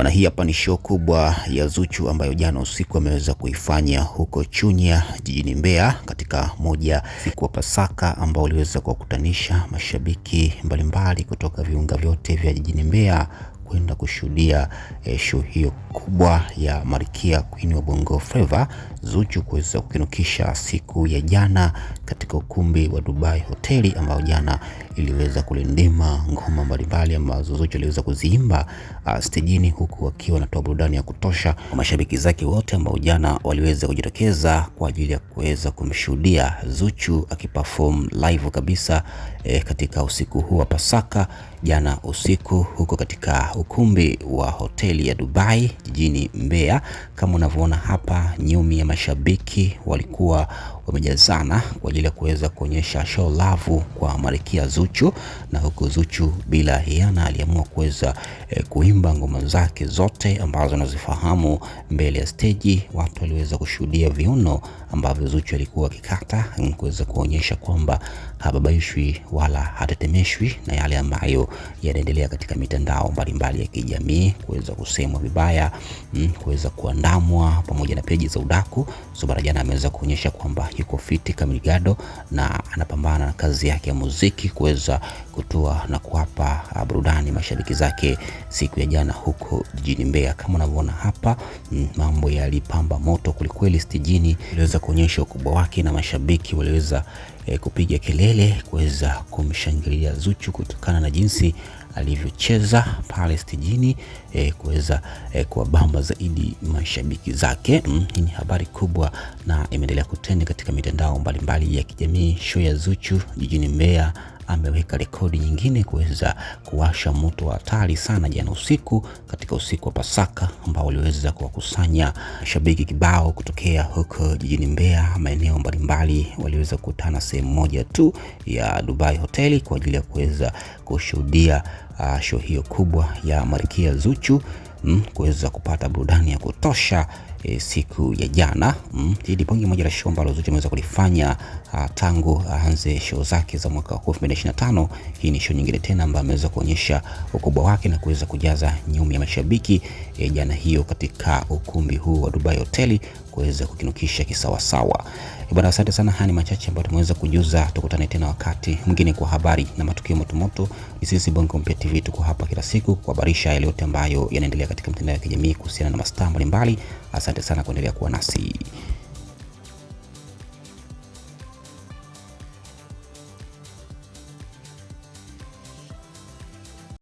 Bwana, hii hapa ni show kubwa ya Zuchu ambayo jana usiku ameweza kuifanya huko Chunya jijini Mbeya, katika moja siku wa Pasaka ambao uliweza kuwakutanisha mashabiki mbalimbali mbali kutoka viunga vyote vya jijini Mbeya kwenda kushuhudia eh, show hiyo kubwa ya Malkia Queen wa Bongo Flava Zuchu kuweza kukinukisha siku ya jana katika ukumbi wa Dubai Hoteli ambao jana iliweza kulindima ngoma mbalimbali ambazo Zuchu aliweza kuziimba ah, stejini, huku akiwa anatoa burudani ya kutosha kwa mashabiki zake wote ambao jana waliweza kujitokeza kwa ajili ya kuweza kumshuhudia Zuchu akiperform live kabisa eh, katika usiku huu wa Pasaka jana usiku huko katika ukumbi wa hoteli ya Dubai jijini Mbeya. Kama unavyoona hapa, nyumi ya mashabiki walikuwa wamejazana kwa ajili ya kuweza kuonyesha show love kwa Marikia Zuchu, na huku Zuchu bila hiana aliamua kuweza eh, kuimba ngoma zake zote ambazo anazifahamu mbele ya steji. Watu waliweza kushuhudia viuno ambavyo Zuchu alikuwa akikata kuweza kuonyesha kwamba hababaishwi wala hatetemeshwi na yale ambayo yanaendelea katika mitandao mbalimbali mbali ya kijamii, kuweza kusemwa vibaya, mm, kuweza kuandamwa pamoja na peji za udaku. So ameweza kuonyesha kwamba iko fiti gado na anapambana na kazi yake ya muziki kuweza kutua na kuwapa uh, burudani mashabiki zake siku ya jana huko jijini Mbeya. Kama unavyoona hapa, mm, mambo yalipamba moto kwelikweli. Stijini iliweza kuonyesha ukubwa wake na mashabiki waliweza e, kupiga kelele kuweza kumshangilia Zuchu kutokana na jinsi alivyocheza pale stijini e, kuweza e, kuwabamba zaidi mashabiki zake. Mm, hii ni habari kubwa na imeendelea kutendeka katika katika mitandao mbalimbali ya kijamii, Shoya Zuchu jijini Mbeya ameweka rekodi nyingine kuweza kuwasha moto wa hatari sana jana usiku katika usiku wa Pasaka ambao uliweza kuwakusanya shabiki kibao kutokea huko jijini Mbeya, maeneo mbalimbali, waliweza kukutana sehemu moja tu ya Dubai hoteli kwa ajili ya kuweza kushuhudia uh, show hiyo kubwa ya Malkia Zuchu mm, kuweza kupata burudani ya kutosha e, siku ya jana mm. Hili bonge moja la show ambalo Zuchu ameweza kulifanya a, ah, tangu aanze show zake za mwaka 2025. Hii ni show nyingine tena ambayo ameweza kuonyesha ukubwa wake na kuweza kujaza nyumi ya mashabiki e, jana hiyo katika ukumbi huu wa Dubai Hoteli kuweza kukinukisha kisawasawa. Eh, bwana, asante sana. Haya ni machache ambayo tumeweza kujuza. Tukutane tena wakati mwingine kwa habari na matukio motomoto. Ni sisi Bongo Mpya TV, tuko hapa kila siku kuhabarisha yale yote ambayo yanaendelea katika mitandao ya kijamii kuhusiana na mastaa mbalimbali. Asante sana kuendelea kuwa nasi.